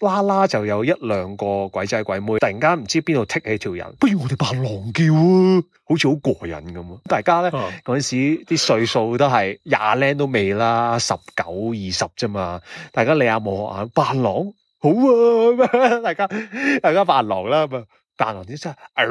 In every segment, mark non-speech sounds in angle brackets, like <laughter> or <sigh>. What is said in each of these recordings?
啦啦就有一兩個鬼仔鬼妹，突然間唔知邊度踢起條人，不如我哋扮狼叫啊，好似好過癮咁啊！大家咧嗰陣時啲歲數都係廿零都未啦，十九二十啫嘛，大家你阿母阿扮狼好啊，大家大家扮狼啦，扮狼啲真係，啊。呃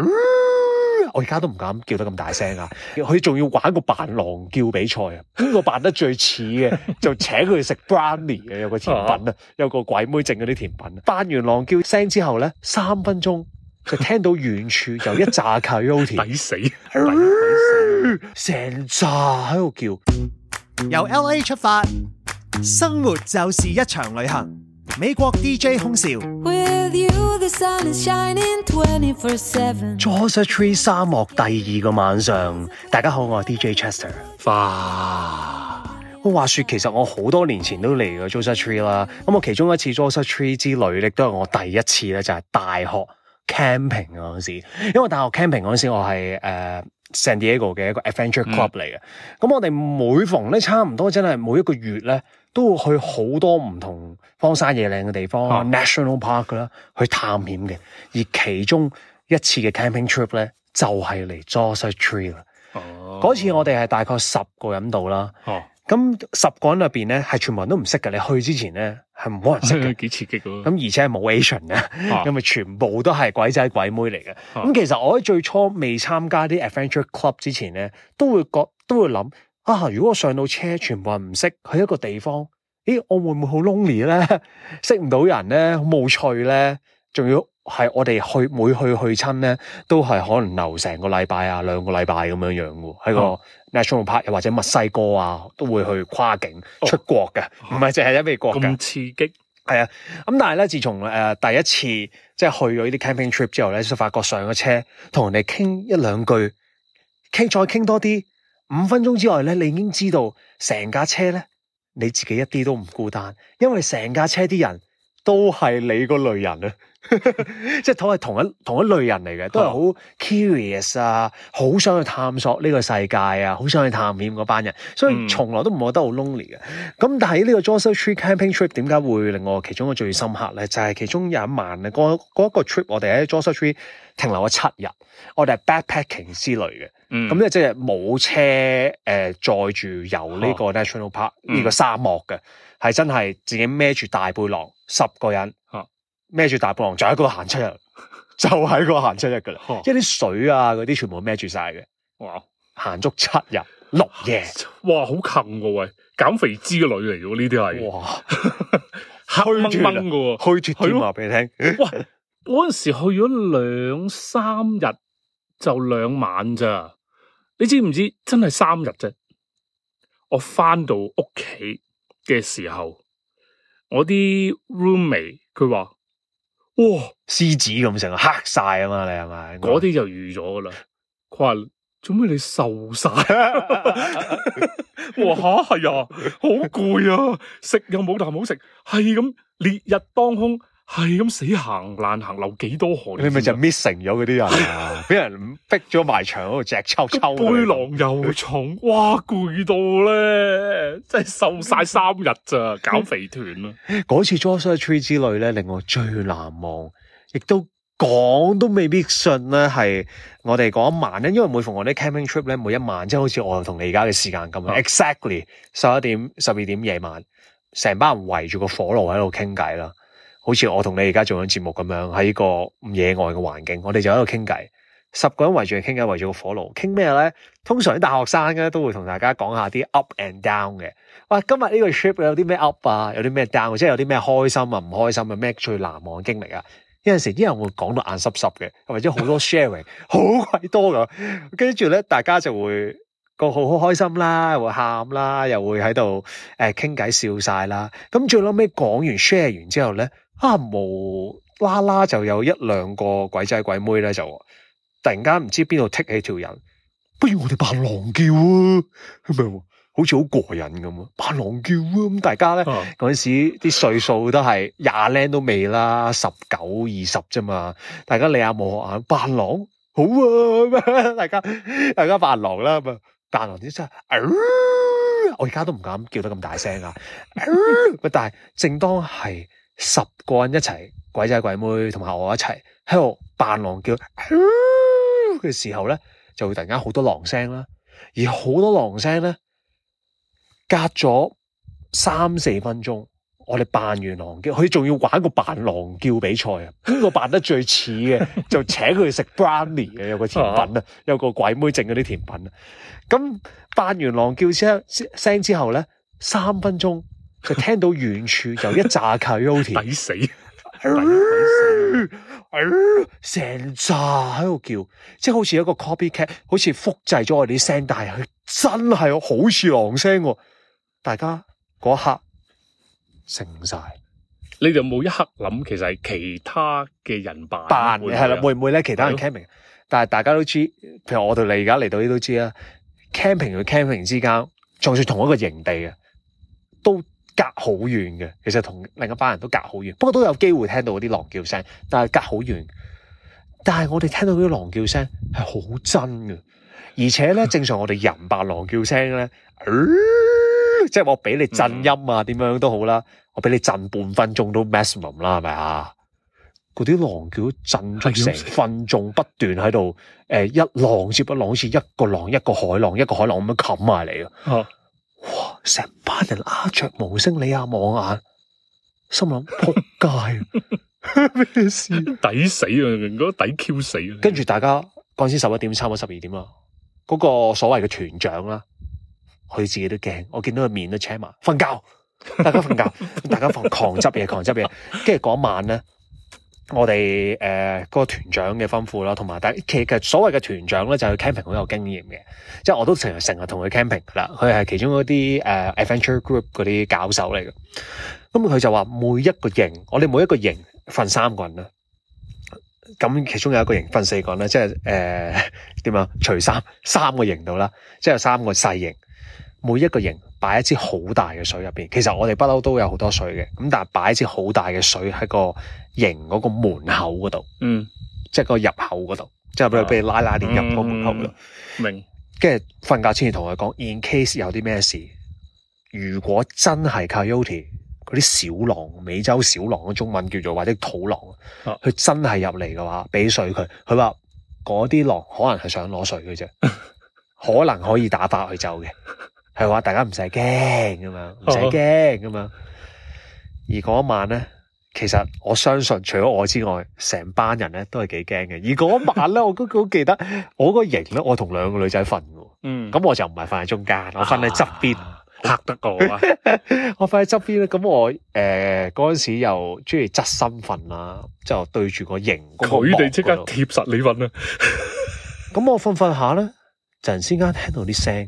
我而家都唔敢叫得咁大聲啊！佢仲要玩個扮狼叫比賽啊！邊個扮得最似嘅就請佢食 brownie 嘅有個甜品啊，有個鬼妹整嗰啲甜品。扮完狼叫聲之後咧，三分鐘就聽到遠處有一炸 coyote，抵死，成炸喺度叫。由 LA 出發，生活就是一場旅行。美國 DJ 空少，With you, the sun is shining 24/7。Joshua Tree 沙漠第二個晚上，大家好，我係 DJ Chester。哇，話說其實我好多年前都嚟過 Joshua Tree 啦。咁我其中一次 Joshua Tree 之旅，亦都係我第一次咧，就係、是、大學 camping 嗰陣時。因為大學 camping 嗰陣時我，我係誒 San Diego 嘅一個 adventure club 嚟嘅、嗯。咁我哋每逢咧差唔多，真係每一個月咧。都會去好多唔同荒山野嶺嘅地方，啊、national park 啦，去探險嘅。而其中一次嘅 camping trip 咧，就係嚟 Joshua Tree 啦。哦、啊，嗰次我哋係大概十個人度啦。哦、啊，咁十個人入邊咧，係全部人都唔識嘅。你去之前咧，係唔可能識嘅，幾 <laughs> 刺激噶。咁而且係冇 a t i o n 嘅，啊、因為全部都係鬼仔鬼妹嚟嘅。咁、啊、其實我喺最初未參加啲 adventure club 之前咧，都會覺都會諗。啊！如果我上到車，全部人唔識去一個地方，咦？我會唔會好 lonely 咧？識唔到人咧，好冇趣咧？仲要係我哋去每去去親咧，都係可能留成個禮拜啊，兩個禮拜咁樣樣喎。喺個 National Park 又或者墨西哥啊，都會去跨境出國嘅，唔係淨係喺美國。咁刺激係啊！咁但係咧，自從誒、呃、第一次即係去咗呢啲 camping trip 之後咧，就發覺上咗車同人哋傾一兩句，傾再傾多啲。五分鐘之內咧，你已經知道成架車咧，你自己一啲都唔孤單，因為成架車啲人都係你嗰類人啊！ <laughs> 即係同係同一同一類人嚟嘅，都係好 curious 啊，好想去探索呢個世界啊，好想去探險嗰班人，所以從來都唔覺得好 lonely 嘅。咁、嗯、但係呢個 Joshua Tree camping trip 點解會令我其中一個最深刻咧？就係、是、其中有一晚咧，嗰、那、嗰、個那個 trip 我哋喺 Joshua Tree 停留咗七日，我哋係 backpacking 之類嘅，咁咧、嗯、即係冇車誒載住遊呢個 national park 呢、嗯、個沙漠嘅，係真係自己孭住大背囊，十個人啊。嗯嗯孭住大布囊，就喺嗰度行七日，就喺嗰度行七日噶啦，哦、即係啲水啊，嗰啲全部孭住晒嘅。哇！行足七日六夜，哇，好近噶喂，減肥之旅嚟噶，呢啲係哇， <laughs> 黑掹蒙噶，去絕點話俾你聽。喂，嗰陣時去咗兩三日，就兩晚咋？你知唔知？真係三日啫。我翻到屋企嘅時候，我啲 roommate 佢話。哇，獅子咁成黑晒啊嘛，你係咪？嗰啲就預咗噶啦。佢話做咩你瘦晒？啊， <laughs> <laughs> 哇吓係啊，好攰啊，食又冇啖好食，係咁烈日當空。係咁死行爛行，流幾多汗？你咪就 missing 咗嗰啲人，啊！俾人逼咗埋牆嗰度，隻臭臭背囊又重，哇，攰到咧，真係瘦晒三日咋，減肥團啊！嗰 <laughs> 次 Joshua Tree 之旅咧，令我最難忘，亦都講都未必信咧，係我哋嗰一晚咧，因為每逢我啲 camping trip 咧，每一晚即係、就是、好似我同你而家嘅時間咁樣 <laughs> ，exactly 十一點、十二點夜晚，成班人圍住個火爐喺度傾偈啦。好似我同你而家做緊節目咁樣，喺個野外嘅環境，我哋就喺度傾偈，十個人圍住嚟傾偈，圍住個火爐傾咩咧？通常啲大學生咧都會同大家講下啲 up and down 嘅。哇，今日呢個 trip 有啲咩 up 啊，有啲咩 down，即係有啲咩開心啊，唔開心啊，咩最難忘經歷啊？有陣時啲人會講到眼濕濕嘅，或者好多 sharing，好鬼 <laughs> 多噶。跟住咧，大家就會個好好開心啦，又會喊啦，又會喺度誒傾偈笑晒啦。咁最後尾講完 share 完之後咧。啊！無啦啦就有一兩個鬼仔鬼妹咧，就突然間唔知邊度踢起條人，不如我哋扮狼叫，啊，係咪？好似好過癮咁啊！扮狼叫啊！咁大家咧嗰陣時啲歲數都係廿零都未啦，十九二十啫嘛，大家你阿毛學眼扮狼，好啊！ <laughs> 大家大家扮狼啦，咁啊扮狼啲真係，我而家都唔敢叫得咁大聲啊！喂， <laughs> 但係正當係十個人一齊，鬼仔鬼妹同埋我一齊喺度扮狼叫嘅 <laughs> 時候咧，就會突然間好多狼聲啦。而好多狼聲咧，隔咗三四分鐘，我哋扮完狼叫，佢仲要玩個扮狼叫比賽啊！邊個扮得最似嘅？ <laughs> 就請佢食 brownie 嘅有個甜品啊，有個鬼妹整嗰啲甜品啊。咁扮完狼叫聲聲之後咧，三分鐘。佢 <laughs> 聽到遠處有一炸鳩喺度叫，抵 <laughs> 死、呃，成炸喺度叫，即係好似一個 copycat，好似複製咗我哋啲聲但，佢真係好似狼聲喎！大家嗰一刻靜晒，你哋冇一刻諗，其實係其他嘅人扮嘅係啦，會唔會咧？其他人 camping，的但係大家都知，譬如我哋嚟而家嚟到呢，都知啦，camping 同 camping 之間仲算同一個營地啊，都。隔好遠嘅，其實同另一班人都隔好遠，不過都有機會聽到嗰啲狼叫聲，但係隔好遠。但係我哋聽到嗰啲狼叫聲係好真嘅，而且咧、嗯、正常我哋人扮狼叫聲咧、呃，即係我俾你震音啊，點樣都好啦，我俾你震半分鐘都 maximum 啦，係咪啊？嗰啲狼叫震出成分鐘不斷喺度，誒、嗯嗯呃、一浪接一浪，好似一,一個浪，一個，浪一個海浪，一個海浪咁樣冚埋嚟啊！嗯哇！成班人鴉雀無聲，你阿望眼，心諗扑街，咩事抵死啊！如果抵 Q 死啊！跟住大家嗰陣時十一點差唔多十二點啦，嗰、嗰個所謂嘅團長啦，佢自己都驚，我見到佢面都 check 埋瞓覺，大家瞓覺， <laughs> 大家狂執嘢，狂執嘢，跟住嗰晚咧。我哋誒、呃那個團長嘅吩咐啦，同埋但係其實所謂嘅團長咧，就去 camping 好有經驗嘅，即係我都成日成日同佢 camping 噶啦，佢係其中嗰啲誒 adventure group 嗰啲搞手嚟嘅，咁佢就話每一個營，我哋每一個營分三個人啦，咁其中有一個營分四個人咧，即係誒點樣除三三個營度啦，即係三個細營。每一個營擺一支好大嘅水入邊，其實我哋不嬲都有好多水嘅，咁但係擺一支好大嘅水喺個營嗰個門口嗰度，嗯，即係個入口嗰度，嗯、即係俾俾拉拉鏈入個門口嗰度、嗯。明，跟住瞓覺之前同佢講，in case 有啲咩事，如果真係 Coyote 嗰啲小狼、美洲小狼，嘅中文叫做或者土狼，佢、啊、真係入嚟嘅話，俾水佢，佢話嗰啲狼可能係想攞水嘅啫， <laughs> 可能可以打發佢走嘅。係話大家唔使驚咁樣，唔使驚咁樣。而嗰晚咧，其實我相信除咗我之外，成班人咧都係幾驚嘅。而嗰晚咧，我都好記得，我個營咧，我同兩個女仔瞓嘅。嗯，咁我就唔係瞓喺中間，我瞓喺側邊，吓得我啊！我瞓喺側邊咧，咁我誒，嗰陣時又中意側身瞓啦，就對住個營。佢哋即刻貼實你瞓啦。咁我瞓瞓下咧，突然之間聽到啲聲。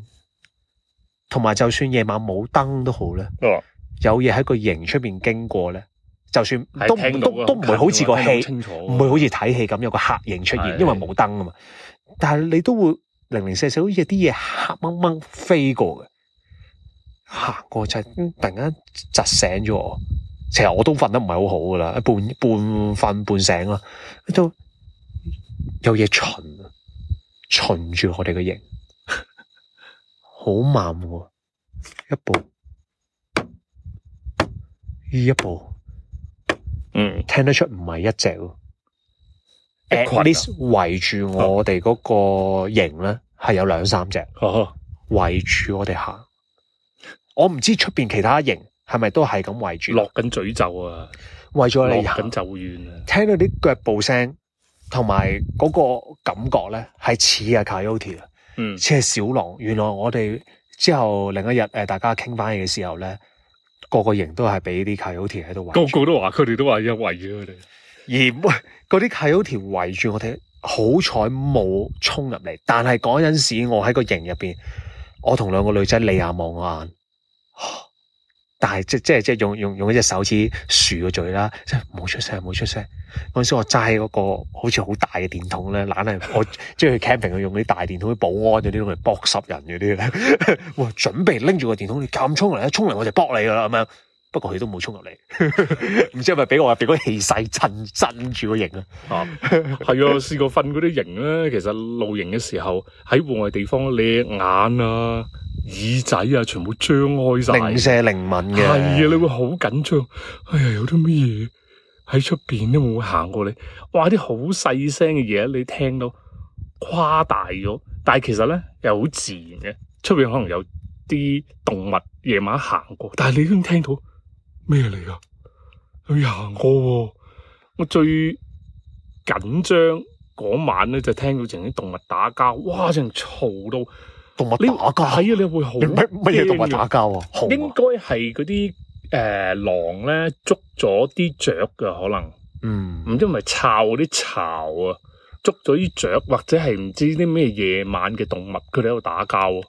同埋，就算夜晚冇燈都好咧，嗯、有嘢喺個營出邊經過咧，就算都都唔近會好似個戲清楚，唔會好似睇戲咁有個黑影出現，的因為冇燈啊嘛。但係你都會零零碎碎好似有啲嘢黑掹掹飛過嘅，行過就突然間窒醒咗我。其實我都瞓得唔係好好噶啦，半半瞓半醒咯，都有嘢巡啊，巡住我哋嘅營。好慢喎，一步，呢一步，嗯，聽得出唔係一隻咯、啊、，at least 圍住我哋嗰個營咧，係、啊、有兩三隻，圍住我哋行。啊、我唔知出邊其他營係咪都係咁圍住。落緊咀咒啊！為咗你行，緊咒怨啊！聽到啲腳步聲同埋嗰個感覺咧，係似啊，Coyote 啊！嗯，即係小狼，原來我哋之後另一日誒、呃，大家傾翻嘢嘅時候咧，個個營都係俾啲 coyote 喺度圍個，個個都話佢哋都話要圍住佢哋，而唔係嗰啲 coyote 圍住我哋，好彩冇衝入嚟，但係嗰陣時我喺個營入邊，我同兩個女仔你眼望我眼。但係即即即用用用一隻手指豎個嘴啦，即係冇出聲，冇出聲。嗰陣時我揸嗰、嗰個好似好大嘅電筒咧，懶係我即係去 camping 用啲大電筒，啲保安嗰啲嚟搏濕人嗰啲咧， <laughs> 哇！準備拎住個電筒，你咁衝嚟，一衝嚟我就搏你噶啦咁樣。不過佢都冇衝入嚟，唔 <laughs> 知係咪俾我俾嗰氣勢震震住個型啊？哦，係啊，試過瞓嗰啲型咧。其實露營嘅時候喺戶外地方，你眼啊～耳仔啊，全部張開晒，靈舍靈敏嘅，係啊，你會好緊張。哎呀，有啲乜嘢喺出邊都冇行過你，哇！啲好細聲嘅嘢你聽到誇大咗，但係其實咧又好自然嘅。出邊可能有啲動物夜晚行過，但係你都聽到咩嚟啊？佢行過，我最緊張嗰晚咧就聽到成啲動物打交，哇！真係嘈到～動物打架，你打交係啊，你會好咩嘢動物打交啊？應該係嗰啲誒狼咧捉咗啲雀噶可能，嗯，唔知咪巢啲巢啊，捉咗啲雀或者係唔知啲咩夜晚嘅動物，佢哋喺度打交啊！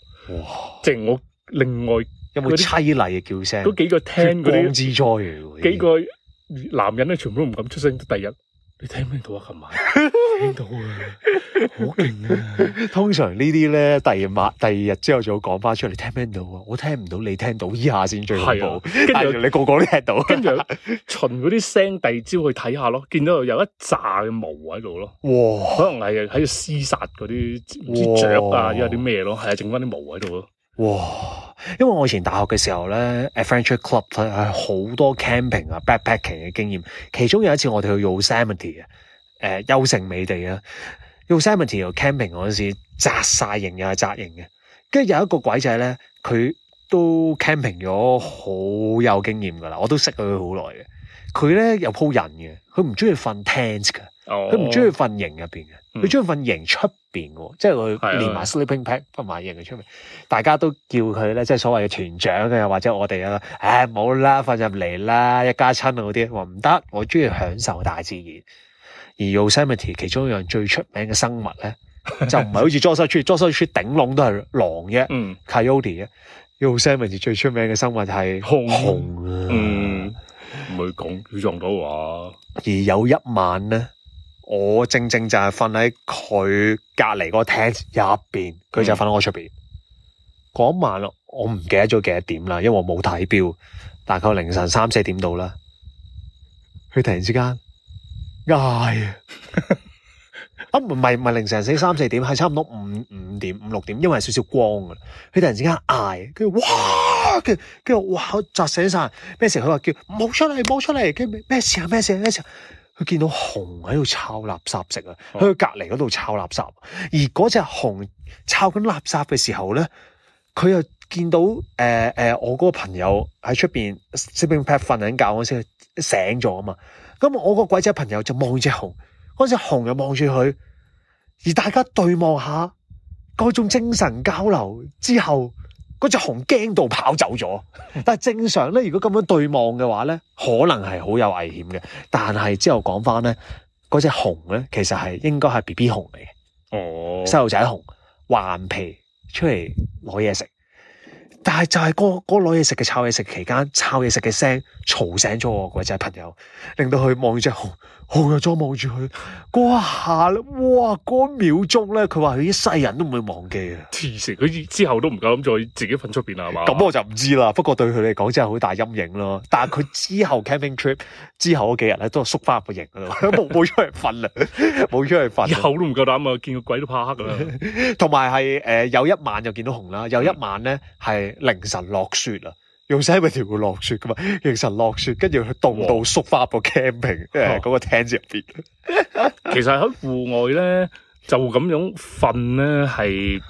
哇，即係我另外有冇啲淒厲嘅叫聲？嗰幾個聽嗰啲血光之災，幾個男人咧全部都唔敢出聲。第一。你聽唔聽到啊？琴晚聽到啊，好勁 <laughs> 啊！通常呢啲呢，第二晚、第二日朝早講翻出嚟，聽唔聽到啊？我聽唔到，你聽到依下先最恐怖。跟住、啊、你個個都聽到，跟住循嗰啲聲，第二朝去睇下咯，見到有一紮嘅毛喺度咯。哇！可能係喺度廝殺嗰啲唔知哇雀啊，或者啲咩咯，係啊，剩翻啲毛喺度咯。哇！因為我以前大學嘅時候咧 Adventure Club 佢好多 camping 啊，backpacking 嘅經驗。其中有一次我哋去 Yosemite 嘅、呃，誒，優勝美地啊，去 Yosemite 又 camping 嗰陣時，紮晒營又係紮營嘅。跟住有一個鬼仔咧，佢都 camping 咗好有經驗噶啦，我都識佢好耐嘅。佢咧又鋪人嘅，佢唔中意瞓 tent 噶。佢唔中意瞓營入邊嘅，佢中意瞓營出邊嘅，面面嗯、即係佢連埋 sleeping p a c k 瞓埋營嘅出邊，的大家都叫佢咧，即係所謂嘅團長啊，或者我哋啊，誒、哎，冇啦，瞓入嚟啦，一家親啊嗰啲，話唔得，我中意享受大自然。而 Yosemite 其中一樣最出名嘅生物咧， <laughs> 就唔係好似 Joshua Tree，Joshua Tree 頂籠都係狼啫 c o y o t e 嘅 Yosemite 最出名嘅生物係、嗯、熊嗯，嗯，唔係講，佢撞到話，而有一晚咧。我正正就係瞓喺佢隔籬嗰個廳入邊，佢就瞓喺我出邊。嗰、嗯、晚我唔記得咗幾多點啦，因為我冇睇錶，大概凌晨三四點到啦。佢突然之間嗌啊，啊唔係唔係凌晨四三四點，係差唔多五五點五六點，因為少少光啊。佢突然之間嗌，跟住哇，跟住哇，我就醒晒。咩事？佢話叫冇出嚟，冇出嚟。佢咩咩事啊？咩事啊？咩事、啊？佢見到熊喺度抄垃圾食啊！佢隔離嗰度抄垃圾，而嗰隻熊抄緊垃圾嘅時候咧，佢又見到誒誒、呃呃、我嗰個朋友喺出邊 sleeping pad 瞓緊覺嗰陣醒咗啊嘛！咁我個鬼仔朋友就望住隻熊，嗰隻熊又望住佢，而大家對望下嗰種精神交流之後，嗰隻熊驚到跑走咗， <laughs> 但係正常咧，如果咁樣對望嘅話咧，可能係好有危險嘅。但係之後講翻咧，隻熊咧，其實係應該係 B B 熊嚟嘅，哦細路仔熊，頑皮出嚟攞嘢食。但係就係嗰攞嘢食嘅抄嘢食期間，抄嘢食嘅聲嘈醒咗我嗰個朋友，令到佢望住隻熊，熊又再望住佢。嗰下咧，哇！嗰、那個、秒鐘咧，佢話佢一世人都唔會忘記啊！黐線，佢之後都唔夠膽再自己瞓出邊啦，係嘛？咁我就唔知啦。不過對佢嚟講真係好大陰影咯。但係佢之後 camping trip <laughs> 之後嗰幾日咧，都縮翻入個營，冇冇 <laughs> 出去瞓啦，冇出去瞓。以後都唔夠膽啊！見個鬼都怕黑㗎啦。同埋係誒有一晚就見到熊啦，有一晚咧係。凌晨落雪啦，用曬米條會落雪噶嘛？凌晨落雪，跟住佢凍到縮翻入個 camping，嗰個 tent 入邊。 <laughs> 其實喺戶外咧，就咁樣瞓咧，係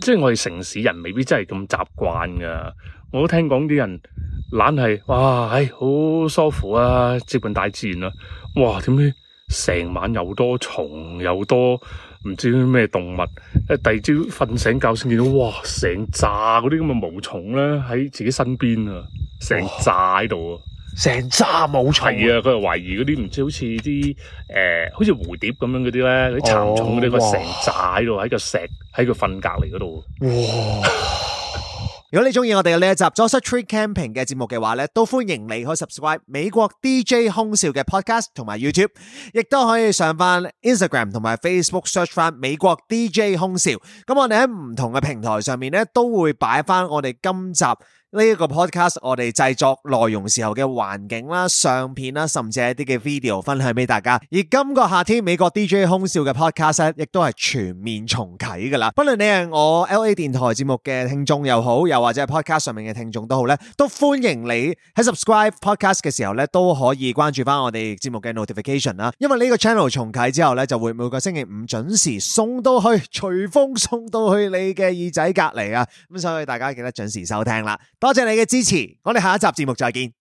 即係我哋城市人未必真係咁習慣噶。我都聽講啲人懶係，哇，唉好舒服啊，接近大自然啦、啊。哇，點解？成晚又多蟲又多。唔知啲咩動物，誒，第二朝瞓醒覺先見到，哇，成扎嗰啲咁嘅毛蟲咧，喺自己身邊啊，成扎喺度，啊。成紮毛蟲。係啊，佢係懷疑嗰啲唔知好似啲誒，好似蝴蝶咁樣嗰啲咧，啲蠶蟲嗰啲，佢成扎喺度喺個石喺個瞓隔籬嗰度。如果你中意我哋嘅呢一集 Joshua Tree camping 嘅節目嘅話咧，都歡迎你可以 subscribe 美國 DJ 空少嘅 Podcast 同埋 YouTube，亦都可以上翻 Instagram 同埋 Facebook Search 翻美國 DJ 空少。咁我哋喺唔同嘅平台上面咧，都會擺翻我哋今集呢一個 podcast 我哋製作內容時候嘅環境啦、相片啦，甚至係一啲嘅 video 分享俾大家。而今個夏天美國 DJ 空少嘅 podcast 咧，亦都係全面重啟噶啦。不論你係我 LA 電台節目嘅聽眾又好，又或者係 podcast 上面嘅聽眾都好咧，都歡迎你喺 subscribe podcast 嘅時候咧，都可以關注翻我哋節目嘅 notification 啦。因為呢個 channel 重啟之後咧，就會每個星期五準時送到去隨風送到去你嘅耳仔隔籬啊。咁所以大家記得準時收聽啦。多謝你的支持，我哋下一集節目再見。